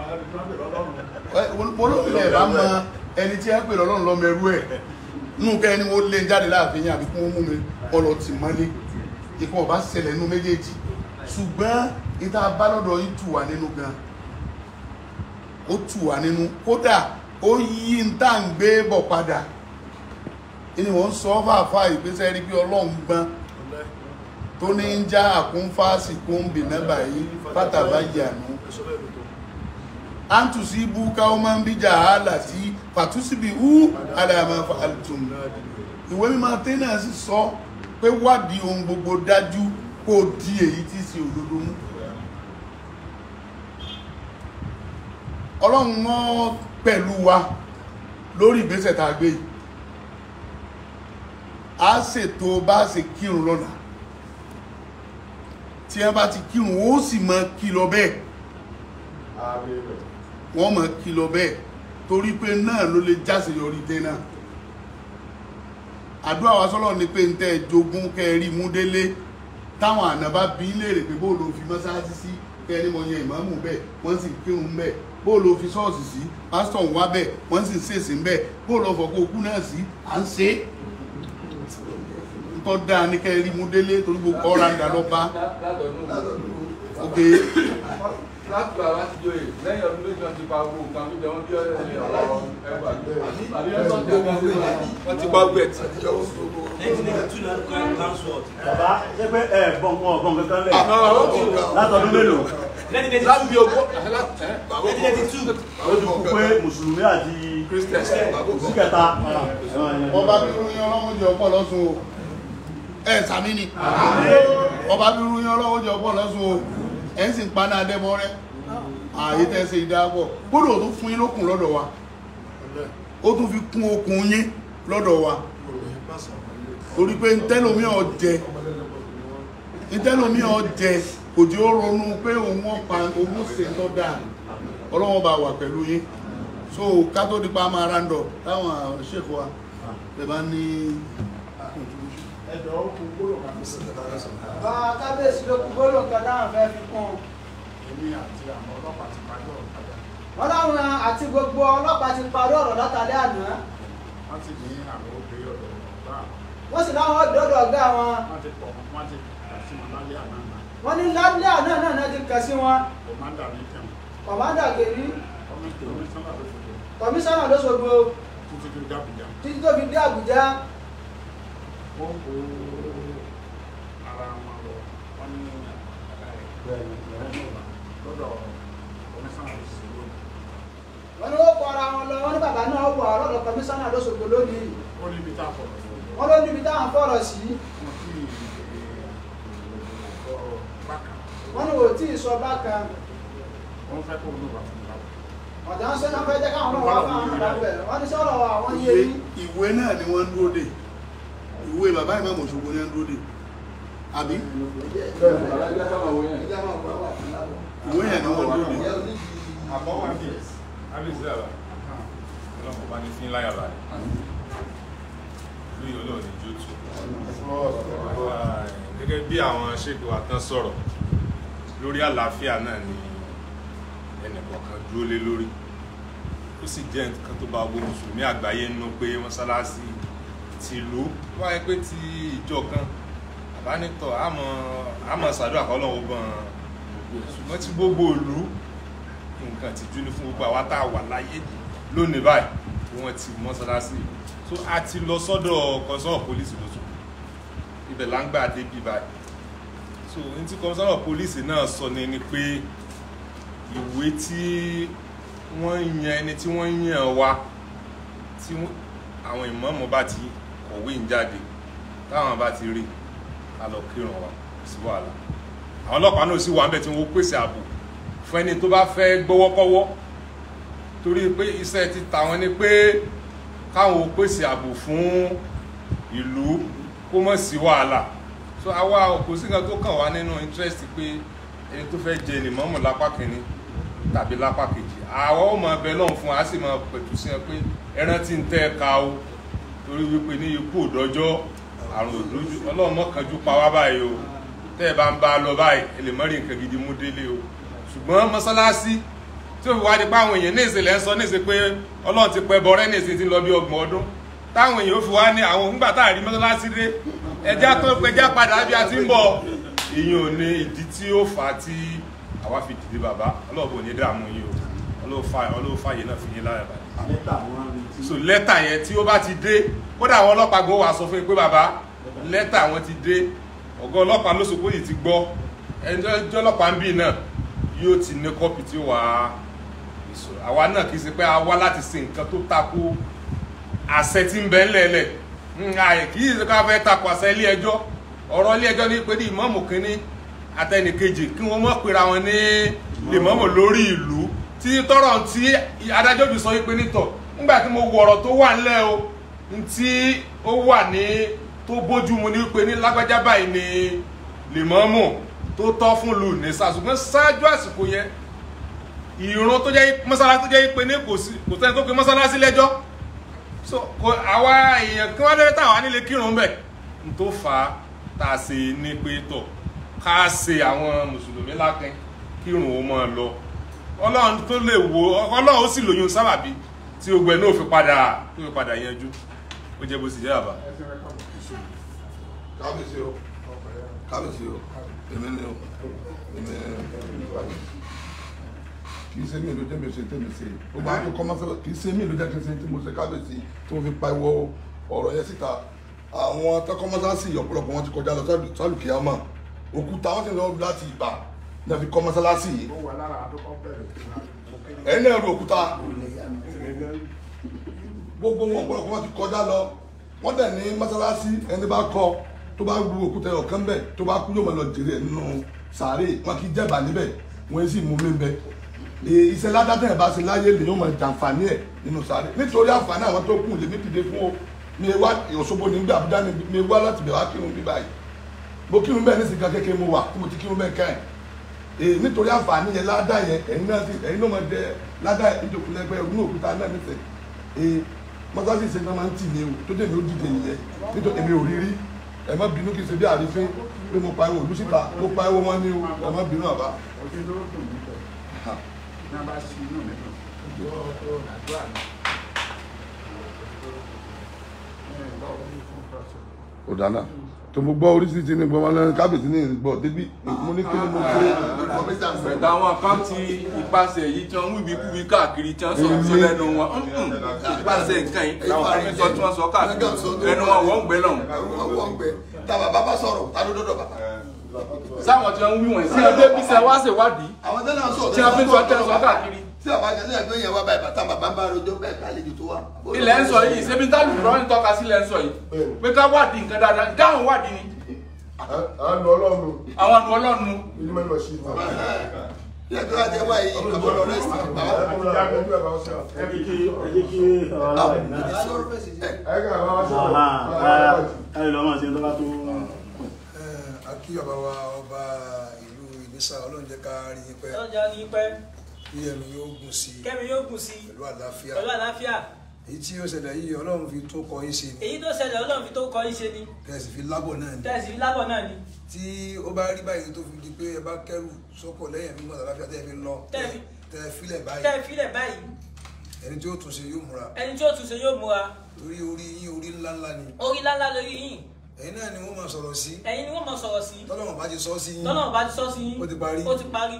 Speaker 2: olóògbé ẹ bá mọ ẹni tí ẹ pè lọ́lọ́run lọ́mọ ẹrú ẹ̀ nínú kẹ́ ẹni wọ́n lé jáde láàfin yẹn àbí kí wọ́n mú mi ọlọ tì mọ́lé ikú ọba ṣẹlẹ̀ nínú méjèèjì ṣùgbọ́n ìta bálọ́dọ̀ yìí tù wá nínú gan ó tù wá nínú kódà ó yí ń tà ń gbé bọ̀ padà ni wọ́n sọ fàáfà ìgbésẹ̀ rí bí ọlọ́run gbọ́n tó ní ń já àkúnfàásì kó ń bì náà báyìí pátábáyà nù antusi ibu káwọn máa ń bí jà á láti fàtúsíbi ú alàmà fàtún ìwé mímọ́ tẹ́nà sì sọ pé wádìí ohun gbogbo dájú kó di èyí tí í ṣe òdodo mú ọlọ́run wọ́n pẹ̀lú wa lórí ìgbésẹ̀ tá a gbé yìí a ṣètò bá a ṣe kírun lọ́nà tí wọ́n bá ti kírun ó sì mọ kí lọ bẹ́ẹ̀ wọ́n mọ̀ kìlọ̀ bẹ́ẹ̀ torí pé náà ló lè jáse yọrí dé náà àdúrà wa sọ́lọ̀ ni pé ń tẹ́ jogún kẹrí mú délé táwọn ànàbá bí léèrè pé bó ló fi mọ́sáàsì sí kẹrí mọ yẹn ìmáàmù bẹ́ẹ̀ wọ́n sì kírun bẹ́ẹ̀ bó ló fi sí pásítọ̀ ń wá bẹ́ẹ̀ wọ́n sì ń ṣèṣì bẹ́ẹ̀ bó ló fọ̀kọ́ okú náà sí à ń ṣe é nǹkan dáa ní kẹrí mú délé torí gbogbo ọ̀ràn dà lọ́ba
Speaker 1: láti bàbá ti jọ èyí lẹ́yìn ọdún méjì wọ́n ti pa owó nǹkan tó jẹ wọ́n bí ọ̀rẹ́ rẹ̀ ọ̀rọ̀ ẹgbà àbí ẹ̀sán
Speaker 5: tẹ̀ wọ́n ti wà ní. wọ́n ti pa
Speaker 3: owó ẹ̀ tí ìjọ wọn sọ owó.
Speaker 5: lẹ́yìn ní ìtú náà kọ́ ẹ̀ káńsù ọ̀tí.
Speaker 3: bàbá ṣé pé ẹ bọ̀n wọn bọ̀n kankan lẹ̀.
Speaker 5: látọdún mélòó. lẹ́yìn ní ìtú. lójú kú pé mùsùlùmí àti
Speaker 2: síkẹta. ọba bírú ní ọlọ́mọdé ọ̀pọ̀ lọ́sùn o ẹ̀ sàmí ni ọba bírú ní ọlọ́mọdé ọ̀pọ̀ lọ́sùn o ẹ̀ ń sì ń paná adẹ́mọ́ rẹ́ ààyè tẹ́ ṣe ìdáàbọ̀ gbọ́dọ̀ tó fún yín lókun lọ́dọ̀ wa ó tún fi kún okùn yín lọ́dọ̀ wa torí pé ntẹ́lómi ọ̀ jẹ ntẹ́lómi ọ̀ jẹ kò jẹ́ ó ronú pé òun ọ̀pá òun ṣe tó dáa ọlọ́wọ́n bá wà pẹ̀lú yín so ká tó di pa máa rándọ̀ táwọn ṣèkọ́ wa lè bá ní ẹ̀dọ̀ ó kú gbólóhùn kan fi sí i.
Speaker 4: bá a kábíyèsí ló kú gbólóhùn kan dáhùn fẹ́ fi kún un. èmi àti àwọn ọlọ́pàá ti parí ọ̀rọ̀ padà. wọ́n láwọn àti gbogbo ọlọ́pàá ti parí ọ̀rọ̀ látàlẹ́ àná. wọ́n ti ní àwọn obìnrin ọ̀dọ̀ ọ̀gá. wọ́n sì láwọn ọ̀dọ́dọ̀ ọ̀gá wọn.
Speaker 3: wọ́n ti pọ̀ wọ́n ti kà sí wọn lálẹ́ àná náà.
Speaker 4: wọ́n ní lálẹ́ àná náà ti kà sí wọn. kọ̀mándà ní tẹ̀wọ̀n. kọ̀mándà kèrí. kọmíṣánná ló ṣògbó. títí tó fi dé Àbújá wọ́n kó ara wọn ní wọ́n ní ara wọn lọ wọ́n ní bàbá náà wọ̀ ọ́ lọ́dọ̀ kọmíṣánná lọ́sọ̀gbọ́ lónìí wọ́n ló níbi tá a sí wọ́n ní wò tí ì sọ bákan
Speaker 2: wọ́n fẹ́ kó olúwa fún
Speaker 4: fẹ́ jẹ́ káwọn náà wà fún àwọn ọ̀dà bẹ̀rẹ̀ wọ́n ní
Speaker 2: sọ̀rọ̀ àwọn yé ìwé náà ni wọ́n dúró dé ìwé bàbá ìmọ̀ Òṣogbo ní ẹ̀ńdúró dè àbí. ìwé yẹn ni wọ́n dúró dè. àbọ̀wọ̀ àti
Speaker 5: àbísí àbá ọlọ́pàá bá ní sí láyà báyìí lóyún olóòní jó tù gẹ́gẹ́ bí àwọn ṣètò àtàn sọ̀rọ̀ lórí àlàáfíà náà ni ẹnìkọ̀ọ̀kan dúró lé lórí ó sì jẹ́ nǹkan tó bá gbogbo mùsùlùmí àgbáyé nínú pé mọ́sálásí tìlú wáyé pé ti ìjọ kan àbánitọ̀ àmọ́ àmọ́ sàdúrà kọ́lọ́ ọgbọ̀n ṣùgbọ́n tí gbogbo ìlú nǹkan tìjú ni fún gbogbo àwa tá a wà láyé lónìí báyìí tí wọ́n ti mọ́ṣáláṣí so a ti lọ sọ́dọ̀ kọ́sọ́ọ̀ pólísì lọ́sùn ibẹ̀ là ń gbà dé bí báyìí so n tí kọ́sọ́ọ̀ pólísì náà sọ ni ni pé ìwé tí wọ́n yan ẹni tí wọ́n yan wa tí àwọn ìmọ̀ọ́mọ̀ bá ti yí kọ̀wé ń jáde táwọn bá ti rí ká lọ kírun wa kò sí wàhálà àwọn ọlọ́pàá náà sì wà níbẹ̀ tí wọ́n pèsè ààbò fún ẹni tó bá fẹ́ gbọ́wọ́kọ́wọ́ torí pé iṣẹ́ ti tàwọn ni pé káwọn ò pèsè ààbò fún ìlú kó mọ̀ sí wàhálà so àwa kò sí nǹkan tó kàn wá nínú interest pé ẹni tó fẹ́ jẹ ìmọ̀ọ́mù lápá kínní tàbí lápá kejì àwọn ọmọ ẹbẹ náà fún wa á sì máa pẹ̀tù sí ẹ pé ẹran tí ń tẹ́ ẹ ka o torí wípé ní ikú òdọ́jọ́ àrùn òdójú ọlọ́run mọ́kànjú pa wá báyìí o tẹ́ ẹ bá ń bá a lọ báyìí ẹ lè mọ́rin nǹkan gidi mú délé o ṣùgbọ́n mọ́sálásí tí ó fi wá di pé àwọn èèyàn ní ìsìnlẹ̀ ń sọ ní ìsìn pé ọlọ́run ti pẹ́ bọ́rẹ́ ní ìsìn ti lọ bí ọgbọ̀n ọdún táwọn èèyàn ó fi wá ní àwọn òǹgbà tá à rí mọ́sálásí dé ẹja tó pẹja padà bí a ti ń bọ̀ ìyẹn ò ní ìdí tí ó fà á tí àwa fi dìde bàbá ọlọ́run ò ní dààmú yìí o ọlọ́wọ́ fàyè náà fi yín láyà báyìí. so lẹ́tà yẹn tí ó bá ti dé kódà àwọn ọlọ́pàá gan wà sọ fún mi pé bàbá lẹ́tà àwọn ti dé ọ̀gá ọlọ́pàá ló sọ pé yìí ti gbọ́ ẹjọ́ ọlọ́pàá ń bì náà yóò ti ní kọ́pì tí ó wà á àwa náà kì í ṣe pé a wá láti ṣe nǹkan tó tako àṣẹ tí ń bẹ ńlẹ̀ẹ́lẹ̀ hmm, àyè kì í ṣe ká fẹ́ tako àṣẹ ilé ẹjọ́ ọ̀rọ̀ ilé ẹjọ́ ní pé ní ìmọ̀ọ́mù kínní àtẹnìkejì kí wọ́n mọ̀ pera wọn ní lèmọ́mù lórí ìlú tí tọrọ tí adájọ́ fi sọ yìí pé nítọ̀ nígbà tí mo wo ọ̀rọ̀ tó wà ńlẹ̀ o tí ó wà ní tó bójú mu ní pé ní lágbájá báyìí ni lèmọ́mù tó tọ́ fún lù ní sàṣùgbọ́n ṣáájú àsìkò yẹn ìrún tó jẹ́ mọ́sálásí tó jẹ́ pé ní kò sẹ́ni tó pe mọ́sálásí lẹ́jọ́ so àwa èèyàn kí wọ́n lẹ́rẹ́ táwa nílé kírun bẹ̀ n tó fà á tá a ṣe ní pé tọ̀ ká ṣe àwọn mùsùlùmí lákin kírun ó máa lọ ọlọ́run tó lè wo ọlọ́run ó sì lóyún sábàbí tí gbogbo ẹ̀ náà fi padà fi padà yanjú ó jẹ́ bó sì jẹ́ bàbá. kábíyèsí o
Speaker 2: kábíyèsí o èmi ni o èmi ni o kì í ṣe mí ló jẹ́ ṣe tèmi ṣe o máa tó kọ́mọ́ sọ́dọ̀ kì í ṣe mí ló jẹ́ ṣe tí ṣe kábíyèsí tí fi pariwo ọ̀rọ̀ yẹn síta àwọn tọkọmọ́sáàsì ọ̀pọ̀lọpọ̀ wọn ti kọjá lọ sálùkìyàmọ̀ òkúta wọn ti lọ láti ìbà na fi kọ́ mọ́sálásí yìí ẹ̀yin náà ro òkúta gbogbo wọn gbọ́dọ̀ kó wọ́n ti kọjá lọ wọ́n dẹ̀ ní mọ́sálásí ẹni bá kọ́ tó bá ru òkúta ọ̀kan bẹ̀ tó bá kú yóò máa lọ jèrè nínú sàárè wọn kì í jẹ̀bà níbẹ̀ wọ́n sì mú mi bẹ̀ iṣẹ́ ládàtà ẹ̀ bá ṣe láyé lè yóò máa jàǹfààní ẹ̀ nínú sàárè nítorí àǹfààní àwọn tó kù lè mí dìde fún o mi wá Òṣogbo ní gbàgbọ́dá mi wá láti bẹ̀ wá kírun bí báyìí mo kírun bẹ́ẹ̀ ní sìnkà kékeré mo wà tí mo ti kírun bẹ́ẹ̀ káyìn Eh, nítorí àǹfààní yẹn ládàá yẹn ẹ̀yin náà sì ẹ̀yin náà máa dẹ ládàá yẹn nítorí lẹ́gbẹ́ inú òkúta náà nífẹ̀ eh, mọ́sáàsì ṣe máa ń tì mí o tó dé mi ó dìde nìyẹn nítorí èmi ò rí rí ẹ má bínú kì í ṣe bí àrífín pé mo pariwo ìlú síta mo pariwo wọn ní o ẹ má bínú àbá. ọ̀dà náà tó mo gbọ́ oríṣiríṣi ní gbọ́n lẹ́nu kábíyèsí ní ìgbọ́ débi mo ní kí ni mo ṣe.
Speaker 1: bẹ̀tà àwọn àkáǹtì ìpasẹ̀ yìí tí wọ́n káàkiri tí wọ́n sọ sí lẹ́nu wọn ìpasẹ̀ nǹkan yìí làwọn kan sọ tí wọ́n sọ káàkiri lẹ́nu wọn wọ́n gbẹ lọ́hùn. tàbá bàbá sọ̀rọ̀ ta ló dọ́dọ̀ bàbá. sáwọn tí wọ́n ń wí wọ̀nyí sí ọdẹ bí sẹ wá ṣèwádìí
Speaker 2: tí wọ́n fi sọ tẹ́ sọ káàkiri tí ọba jẹ sílẹ̀ pé yẹn wá báyìí bàtà bàbá ń bá rojọ́ bẹ́ẹ̀ ká àlejò tó wá. ilẹ̀ ń sọ yìí ṣebí tá lùrọ̀ ń
Speaker 1: tọ́ka sílẹ̀ ń sọ yìí pé ká wádìí nǹkan dáadáa dáhùn wádìí ni.
Speaker 2: àwọn ọlọ́run. àwọn ọlọ́run. ìlú mẹ́rin sí ìlú. ilé tó wá jẹ wá yìí ọmọ jẹ́ kí ẹ
Speaker 6: lọ́mọ sí ọlọ́run jẹ́ ká rí yín pẹ́ kí ẹnu yóò gùn sí i kẹ́mi yóò gùn sí i pẹ̀lú àlàáfíà pẹ̀lú àlàáfíà èyí tí yóò ṣẹlẹ̀ yìí ọlọ́run fi tó kọ yín ṣe ni èyí tó ṣẹlẹ̀ ọlọ́run fi tó kọ yín ṣe ni tẹ̀sí fi lábọ̀ náà ni tẹ̀sí fi lábọ̀ náà ni tí ó bá rí báyìí tó fi di pé ẹ bá kẹ́rù sọ́kọ̀ lẹ́yìn mímọ́ àlàáfíà tẹ́ fi lọ tẹ́ filẹ̀ báyìí tẹ́ filẹ̀ báyìí ẹni tí ó tún ṣe yóò náà ni wọ́n máa sọ̀rọ̀ sí ẹ̀yin ni wọ́n máa sọ̀rọ̀ sí tọ́lọ́run bá ti sọ sí yín tọ́lọ́run bá ti sọ sí yín ó ti parí ó ti parí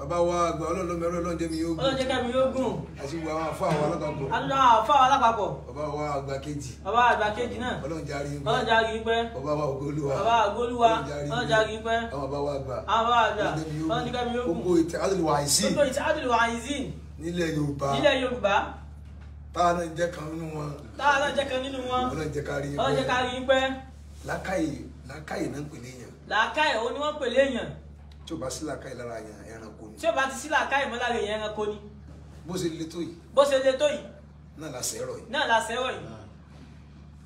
Speaker 6: bàbá wa gba ọlọ́run mẹ́rọ ọlọ́run jẹ́ mi yóò gùn ọlọ́run jẹ́ kẹ́mi yóò gùn àti gbogbo àwọn afọ àwọn alápapọ̀ afọ àwọn alápapọ̀ bàbá wa àgbà kejì bàbá àgbà kejì náà ọlọ́run járe yín pẹ́ ọlọ́run járe yín pẹ́ bàbá wa ògbólúwa bàbá ògbólúwa ọlọ́run járe yín pẹ́ àwọn bàbá wa àgbà àwọn bàbá àgbà ọlọ́run jẹ́ kẹ́mi yóò gùn gbogbo ìtẹ́ adìlúwa àìsí gbogbo ìtẹ́ adìlúwa àìsí nílẹ̀ Yorùbá nílẹ̀ Yorùbá táwọn náà jẹ́ kan nínú wọn táwọn náà jẹ́ kan nínú wọn ọlọ́run jẹ́ kárí yín pẹ́ ọlọ́run jẹ́ kárí yín pẹ́ làákàyè làákàyè náà ń pè léèyàn làákàyè òun ni wọ́n pè léèyàn tí o bá sí làákàyè lára yàn ẹranko tí o bá ti sílà ká ìmọ́lá rẹ̀ yẹn ẹranko ni. bó ṣe le tó yìí. bó ṣe le tó yìí. náà la sẹ́rọ̀ yìí. náà la sẹ́rọ̀ yìí. Ah.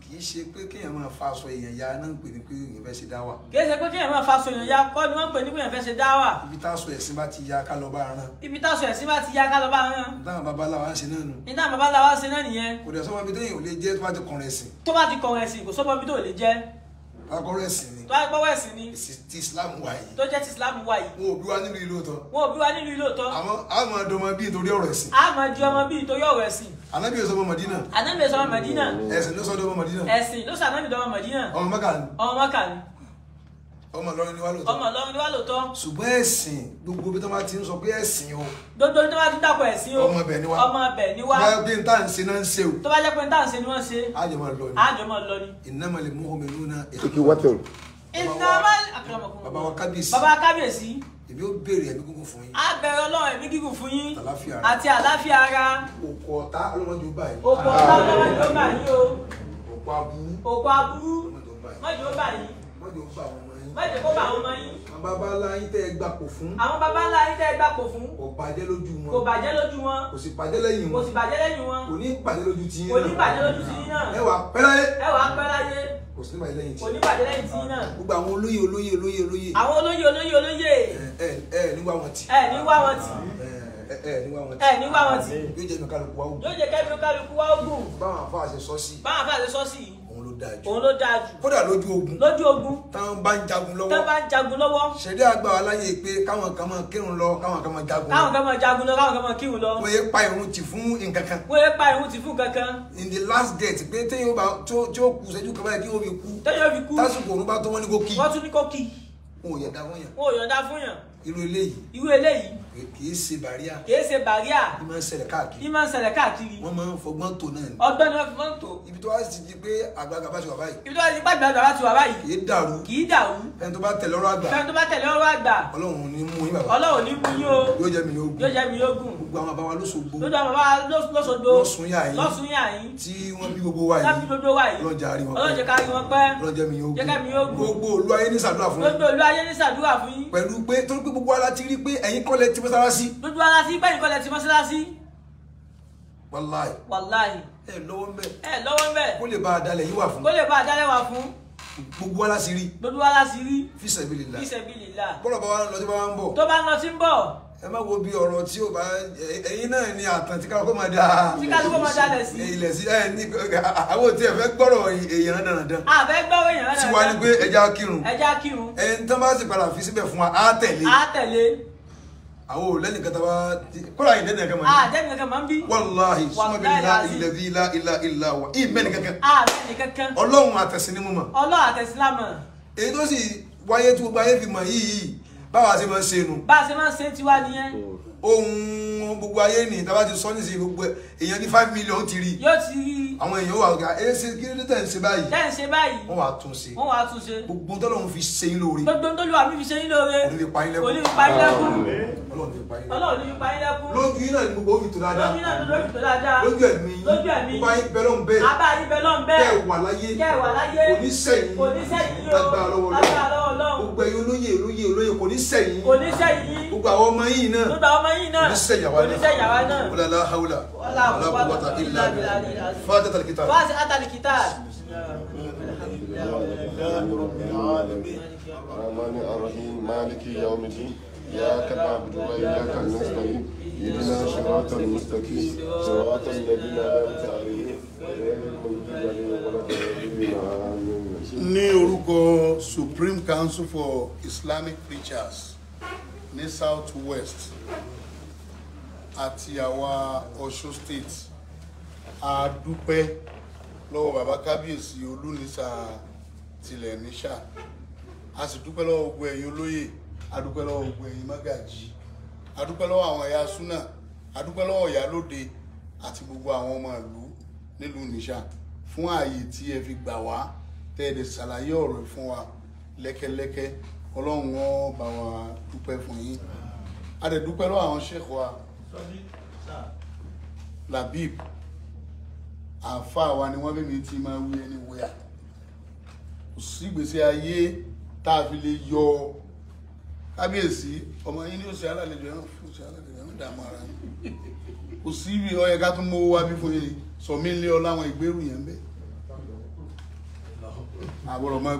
Speaker 6: kì í ṣe pé kéèyàn máa fa aṣọ èèyàn ya náà ń pè ní pé èèyàn fẹ́ ṣe dáwà. kì í ṣe pé kéèyàn máa fa aṣọ èèyàn ya kọ́ ni wọ́n pè ní pé èèyàn fẹ́ ṣe dáwà. ibi táṣọ ẹ̀sìn bá ti ya ká lọ bá rán. ibi táṣọ ẹ̀sìn bá ti ya ká lọ bá rán. ìdáhùn babaláwa ń ṣe náà nù. ìdáhùn babaláwa ń ṣe náà nìyẹn. kò dẹ̀ sọ́mọ ibi téèyàn ò lè jẹ́ tó bá ti kọ̀rọ̀ ẹ̀sìn. tó bá ti kọ̀rọ̀ ẹ̀sìn kò sọ́mọ ibi tó ò lè jẹ́ akọrọ ẹ̀sìn ni. tó agbọ́wọ́ ẹ̀sìn ni. ti islam wà yìí. tó jẹ́ ti islam wà yìí. wọn ò bí wa nílùú ìlú òótọ́. wọn ò bí wa nílùú ìlú òótọ́. àmọ́ a máa dọmọ bíi nítorí ọ̀rọ̀ ẹ̀sìn. a máa di ọmọ bíi nítorí ọ̀rọ̀ ẹ̀sìn. anabi yóò sọ ọmọ madina. anabi yóò sọ ọmọ madina. ẹ̀sìn ló sọ ọmọ madina. ẹ̀sìn ló sọ anabi dọmọ madina. ọmọ mẹ́kà ni. ọmọ mẹ́kà ni ọmọ Ìlọrin ni wá lóòótọ́ ọmọ Ìlọrin ni wá lóòótọ́ ṣùgbọ́n ẹ̀sìn gbogbo bí tó bá ti ń sọ pé ẹ̀sìn o gbogbo bí tó bá ti dàpọ̀ ẹ̀sìn o ọmọ ibẹ̀ ni wá ọmọ ibẹ̀ ni wá bá gbé ntá ń náà ń ṣe o tó bá jẹ́ pé ntá ń ni wọ́n ṣe àjọmọ̀ lọ ni àjọmọ̀ lọ ni innamal mu'minuna
Speaker 2: ikhwatun
Speaker 6: innamal akramakum baba wa kábíyèsí baba wa kábíyèsí èmi ó béèrè ẹ̀mí gígùn fún yín. a bẹ̀rẹ̀ ọlọ́run ẹ̀mí gígùn fún yín àti àlàáfíà ara. òkò ọ̀tá ọlọ́mọdé ó bà yín. òkò ọ̀tá ọlọ́mọdé ó bà yín o. òkò aburú. òkò aburú. mọ́jọ́ ó bà yín. mọ́jọ́ ó wọn má jẹ́ kó bá àwọn ọmọ yín. àwọn bàbá ńlá yín tẹ́ ẹ gbapò fún. àwọn bàbá ńlá yín tẹ́ ẹ gbapò fún. kò bàjẹ́ lójú wọn. kò bàjẹ́ lójú wọn. kò sì bàjẹ́ lẹ́yìn wọn. kò sì bàjẹ́ lẹ́yìn wọn. kò ní bàjẹ́ lójú ti yín náà. kò ní bàjẹ́ lójú ti náà. ẹ wà pẹ́ ẹ wà pẹ́ kò sí bàjẹ́ lẹ́yìn tí. kò ní bàjẹ́ lẹ́yìn tí náà. gbogbo àwọn olóyè olóyè olóyè olóyè. àwọn olóyè olóyè olóyè. ẹ ẹ níwá wọn tì. ẹ níwá wọn tì ẹ ní wá wọn tì. yóò jẹ́ kẹ́mi kálukú wá ogun. yóò jẹ́ kẹ́mi kálukú wá ogun. báwọn àfa àṣẹ sọ báwọn àfa àṣẹ sọ sí dáa jù. òun ló dáa kódà lójú ogun. lójú ogun. táwọn bá ń jagun lọ́wọ́. táwọn bá ń jagun lọ́wọ́. ṣẹ̀dá àgbà wa láyè pé káwọn kan máa kírun
Speaker 2: lọ káwọn kan máa jagun lọ. káwọn
Speaker 6: kan máa jagun lọ káwọn kan máa kírun lọ. wọ́n yé pa irun tì fún nǹkan kan. wọ́n yé pa irun tì fún nǹkan kan. in the last date pé téyìn bá tí ó kù sẹ́jú kan báyìí kí wọ́n fi kú. téyìn fi kú. tásìkò òun bá tó wọ́n ní kó kí. wọ́n tún ní kó kí. wọn ò yọ̀ǹda irú eléyìí. irú eléyìí. kì í ṣe bàríà. kì í ṣe bàríà. ní máa ń ṣẹlẹ̀ káàkiri. ní máa ń ṣẹlẹ̀ káàkiri. wọ́n máa ń fọgbọ́n tó náà ni. ọgbọ́n ni wọ́n fi fọ́n tó. ibi tó wá sì ti pé àgbààgbà bá ti wà báyìí. ibi tó wá sì ti pé àgbààgbà bá ti wà báyìí. kì í dàrú. kì í dàrú. ẹni tó bá tẹ̀lé ọ̀rọ̀ àgbà. ẹni tó bá tẹ̀lé ọ̀rọ̀ àgbà. ọlọ́run ò mú yín gbogbo àwọn bàbá wa lọ́sọ̀gbò lọ́dọ̀ àwọn bàbá lọ́sọ̀gbò lọ́sùnyà yìí lọ́sùnyà yìí tí wọ́n bí gbogbo wa yìí láti dodo wa yìí ọlọ́jà rí wọn pẹ́ ọlọ́jà ká rí wọn pẹ́ ọlọ́jà mi yóò gbó gbogbo olú ayé ní sàdúrà fún yín gbogbo olú ayé ní sàdúrà fún yín pẹ̀lú pé torí pé gbogbo ala ti rí pé ẹ̀yin kọ́lẹ̀ ti mọ́sálásí gbogbo ala ti bẹ́ẹ̀ kọ́lẹ̀ ti mọ́sálásí wàláì wàláì ẹ lọ́wọ́ ńbẹ̀ ẹ lọ́wọ́ ńbẹ̀ kó lè bá adalẹ̀ yìí wà fún kó lè bá adalẹ̀ wà fún gbogbo wa la sì rí gbogbo wa la sì rí fisabilillah fisabilillah bọ́lọ̀ bá wa ń lọ tí bá wa ń bọ̀ tó bá ń lọ tí ń bọ̀ ẹ má wo bí ọ̀rọ̀ tí o bá ẹ̀yin náà ni àtàn tí kálukó máa da ilẹ̀ sí ẹ ní àwọn tí ẹ fẹ́ gbọ́rọ̀ èèyàn dandan. àbẹ gbọ́rọ̀ èèyàn dandan. tiwa ni pé ẹja kírun ẹja kírun ẹni tán bá sì padà fi síbẹ̀ fún wa á tẹ̀lé. á tẹ̀lé. àwọn ò lẹ́nu kẹta wá kóra yìí lẹ́nu ẹ̀ka máa ń bí. dẹ́nu ẹ̀ka máa ń bí. wàláhi sumabila ilẹ̀bi ilá ilá ilá wa i mẹ́ni kankan. kankan báwa ṣe máa ń ṣe nu. bá a ṣe máa ń ṣe tiwa nìyẹn. Oh ohun gbogbo ayé ní ìta bá ti sọ nísìnyí gbogbo èèyàn ní five million ti rí yóò ti rí àwọn èèyàn wà ga ah, ẹ eh, ṣe kí ló tẹ̀ ń ṣe báyìí tẹ̀ ń ṣe báyìí wọ́n wà tún ṣe wọ́n wà tún ṣe gbogbo tó lóun fi ṣe yín lóore gbogbo tó lóun fi ṣe yín lóore olú fi payín lẹ́kún olú fi payín lẹ́kún ọlọ́run fi payín lẹ́kún lójú yín náà ni gbogbo òbí tó dáadáa lójú yín náà ni lójú tó dáadáa lójú ẹ̀mí lójú ẹ̀mí bá yín bẹ́ẹ̀ lọ́n bẹ́ẹ̀ abá yín bẹ́ẹ̀ lọ́n bẹ́ẹ̀ kẹ́ wà láyé kẹ́ wà láyé kò ní sẹ́yìn kò gbogbo ẹ̀yin أجمعين وللشيعان ولا لا حول ولا قوة إلا بالله فاتت الكتاب فاتت الكتاب
Speaker 3: الرحمن الرحيم مالك يوم الدين إياك نعبد وإياك نستعين اهدنا صراط المستقيم صراط الذين أنعمت
Speaker 2: عليهم غير المغضوب عليهم ولا الضالين آمين ní orúkọ Supreme Council for Islamic Preachers ní south west àti àwa Ọ̀ṣun state a dúpẹ́ lọ́wọ́ bàbá kábíyèsí olúnisa tilẹ̀ níṣà a sì dúpẹ́ lọ́wọ́ gbogbo ẹ̀yin olóyè a dúpẹ́ lọ́wọ́ gbogbo ẹ̀yin mágàjì a dúpẹ́ lọ́wọ́ àwọn ẹ̀yà súnà a dúpẹ́ lọ́wọ́ ìyálóde àti gbogbo àwọn ọmọ ìlú nílùú níṣà fún ààyè tí ẹ fi gbà wá tẹ́ ẹ lè ṣàlàyé ọ̀rọ̀ fún wa lẹ́kẹ́lẹ́kẹ́ ọlọ́run wọn bá wa dúpẹ́ fún yín a dẹ̀ dúpẹ́ lọ́wọ́ àwọn sheikh wa labib àáfàá wa ni wọ́n bí mi ti máa wí ẹni wíyà kò sí ìgbésí ayé tá a fi lè yọ kábíyèsí ọmọ yín ní òsì alálejò ẹ̀rọ fún òsì alálejò ẹ̀rọ dààmú ara yín kò sí ibi ọyẹ ká tún mówó wá bí fún yín sọmí ń lé ọ láwọn ìgbérù yẹn bẹ́ẹ̀ àbọ̀rọ̀ máa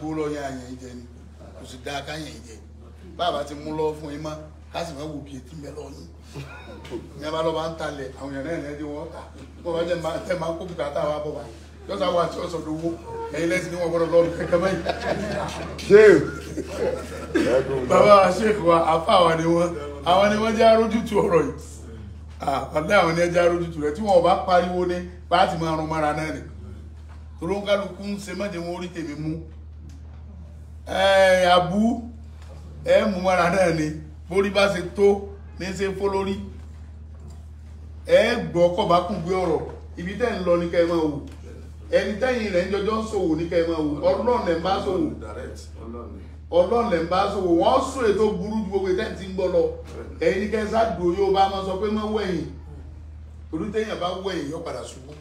Speaker 2: gbó lọ́ọ́ yá àyàn jẹ ni sì dá káyàn jẹ bàbá ti mú lọ́wọ́ fún yín mọ́ ká sì máa wò bí etí mẹ́lọ́ yín ní abá lọ́ba ń talẹ̀ àwọn èèyàn náà lẹ́dí wọ́n ta bọ́ bá jẹ́ máa kó bìtà tá a wá bọ̀ báyìí yọ́sà wà tí ọ̀sán ló wó ẹ̀yin lẹ́sìn ní wọ́n gbọ́dọ̀ lọ́ọ̀rù kẹ́kẹ́ báyìí. bàbá àṣekù wa àfa àwọn ni wọ́n àwọn ni wọ́n jẹ́ arójútu ọ̀rọ̀ yìí àpàdé àwọn ni wọ́n jẹ́ arójútu rẹ̀ tí wọ́n bá pariwo ní bá ti máa rún mọ́ra náà ni torókàlùkù ń ṣe wọn orí Eh, abú ẹ mú mọ́ra náà ni borí bá ṣe tó ní ṣe fó lórí ẹ gbọ́ kọ́ bá kùn gbé ọ̀rọ̀ ibi tẹ́ ń lọ ní kẹ́ ẹ máa wò ẹni tẹ́yìn rẹ̀ ń jọjọ́ ń ṣòwò ní kẹ́ ẹ máa wò ọlọ́run lẹ̀ ń bá ṣòwò ọlọ́run lẹ̀ ń bá ṣòwò wọ́n sún ètò burú ju gbogbo ìtẹ́ ti ń gbọ́ lọ ẹ̀yin kẹ́ ẹ ṣáàdùn oyè ọba máa sọ pé má wẹ̀yìn olùtẹ̀yìn bá wẹ̀yìn yọ padà ṣubú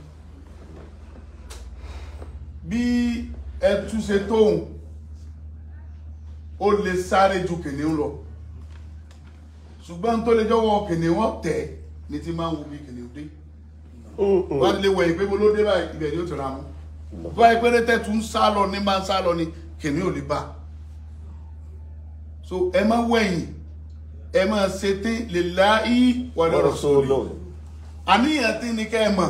Speaker 2: bí ẹ túnṣe tóun ó lè sáré ju kìnìún lọ ṣùgbọ́n tó lè jọwọ́ kìnìún tẹ̀ ní ti máa ń wo bí kìnìún dé wọ́n ti lè wẹ̀ ìpé ló dé báyìí ibẹ̀ ni ó ti ra mú tó wáyé péré tẹ́tù ń sá lọ ní máa ń sá lọ ni kìnìún ò lè bá so ẹ má wẹ̀yìn ẹ má ṣetí lè láì wà lọ́rọ̀ sóòlù àníyàn tí ni kẹ́ ẹ mọ̀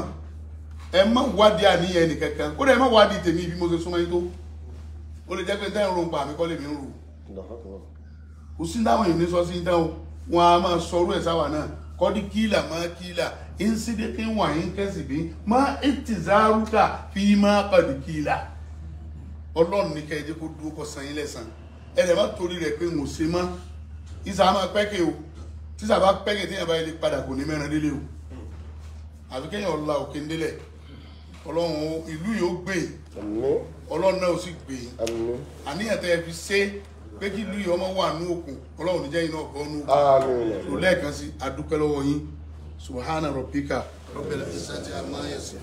Speaker 2: ẹ má wádìí àníyàn ẹnì kankan ó dẹ̀ ẹ má wádìí tèmi bí mo ṣe súnmọ́ yín tó ó lè jẹ́ pé táyà ń ro nǹkan àmì kọ́ lèmi ń rò ó kò sí táwọn èèyàn ní sọ sí tán o wọn a máa sọrú ẹ̀ sáwà náà kọ́dí kíìlà máa kíìlà ìǹsídẹ́kẹ́ wà ń kẹ́sì bí máa ètìzárúkà fi máa pàdé kíìlà ọlọ́run ní kẹ́ẹ̀dẹ́ kó dúró kọ san yín lẹ́sàn ẹ̀rẹ̀ má torí rẹ̀ pé ń ṣe mọ́ ìsà máa pẹ́kẹ̀ o tísà bá pẹ́kẹ̀ tí yàrá ilé padà kò ní mẹ́rin délé o àfi kẹ́yìn ọ̀la òkè ńdélẹ̀ ọlọ́run ìlú yóò gbé ọlọ́run náà ó sì gbé àníyàn tẹ́ ẹ fi ṣe pé kí ìlú yìí ọmọ wà ní òkun ọlọ́run níjẹ́ yìí náà bọ́ ní òkun tó lẹ́ẹ̀kan sí adúpẹ́ lọ́wọ́ yín subhana rabbika rabbil izzati